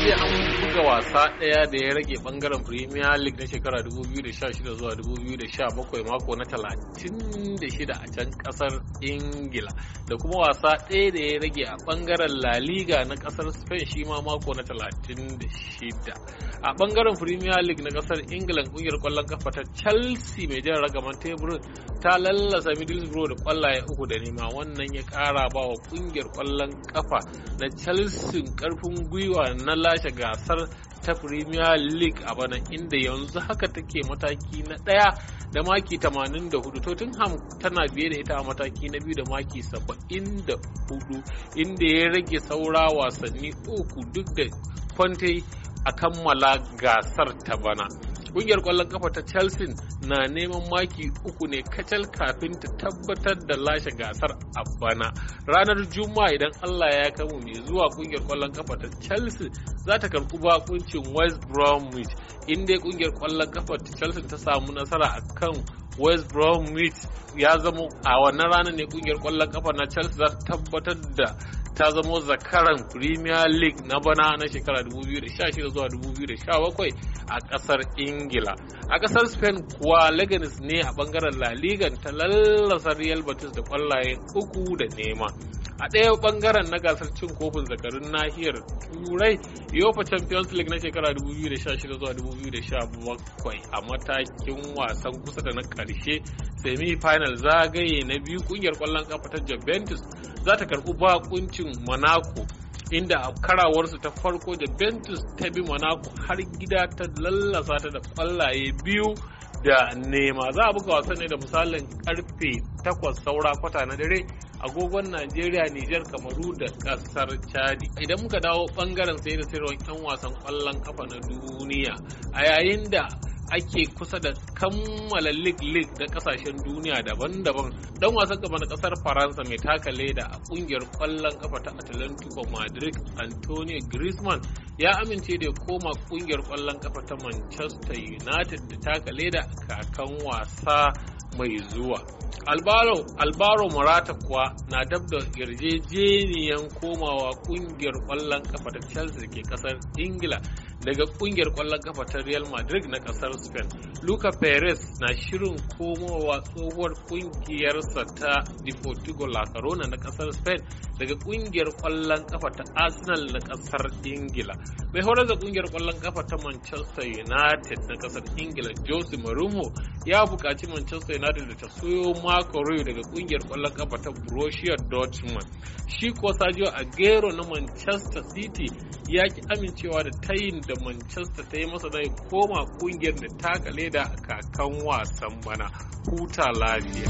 i y ga wasa ɗaya da ya rage bangaren premier league na shekara 2016 zuwa 2017 mako na 36 a can ƙasar ingila da kuma wasa ɗaya da ya rage a bangaren la liga na kasar spain shi ma mako na 36 a bangaren premier league na ƙasar ingila kungiyar kwallon kafa ta chelsea mai jan ragaman teburin ta lallasa middlesbrough da kwallaye uku da nema wannan ya kara ba wa kungiyar kwallon kafa na chelsea karfin gwiwa na lashe gasar ta premier league a bana inda yanzu haka take mataki na ɗaya da maki 84 tottenham tana biye da ita a mataki na biyu da maki 74 inda ya rage saura wasanni uku duk da kwante a kammala gasar ta bana kungiyar kwallon kafa ta chelsea na neman maki uku ne kacal kafin ta tabbatar da lashe gasar a bana ranar juma'a idan allah ya kamu mai zuwa kungiyar kwallon kafa ta chelsea za ta karɓi bakuncin west bromwich inda kungiyar kwallon kafa ta chelsea ta samu nasara a kan west bromwich ya zama a wannan ranar ne kungiyar kwallon kafa na chelsea za ta tabbatar da ta zamo zakaran premier league na bana na shekara 2016 zuwa 2017 a kasar ingila a kasar spain kuwa leganes ne a bangaren la liga ta lallasa real betis da kwallaye uku da nema a ɗaya bangaren na gasar cin kofin zakarun nahiyar turai yofa champions league na shekara 2016 zuwa 2017 a matakin wasan kusa da na ƙarshe semi-final zagaye na biyu kungiyar ƙwallon ƙafa ta juventus za ta karɓi bakuncin monaco inda a karawarsu ta farko juventus ta bi monaco har gida ta lallasa ta da ƙwallaye biyu da nema za a buga wasan ne da misalin karfe 8 saura kwata na dare agogon Najeriya, Nijar, Kamaru da kasar Chadi. Idan muka dawo bangaren sai da sayarwar 'yan wasan kwallon kafa na duniya a yayin da ake kusa da kammala lig-lig da kasashen duniya daban-daban dan wasan gaba na kasar faransa mai taka leda a kungiyar kwallon kafa ta atlantico madrid antonio griezmann ya amince da ya koma kungiyar kwallon kafa ta manchester united da taka leda kakan wasa mai zuwa albaro morata kuwa na dab da yarjejeniyan komawa kungiyar kwallon kafa ta chelsea ke kasar ingila daga kungiyar kwallon kafa ta Real Madrid na kasar Spain. luka Perez na shirin komowa tsohuwar kungiyarsa ta Deportivo La Corona na kasar Spain daga kungiyar kwallon kafa ta Arsenal na kasar Ingila. Mai horar da kungiyar kwallon kafa ta Manchester United na kasar Ingila Jose marumo ya buƙaci Manchester United da ta soyo Marco Rui daga kungiyar kwallon kafa ta Borussia Dortmund. Shi ko a gero na Manchester City ya ki amincewa da tayin da manchester ta yi masa da koma kungiyar da ta leda da kakan wasan bana huta lafiya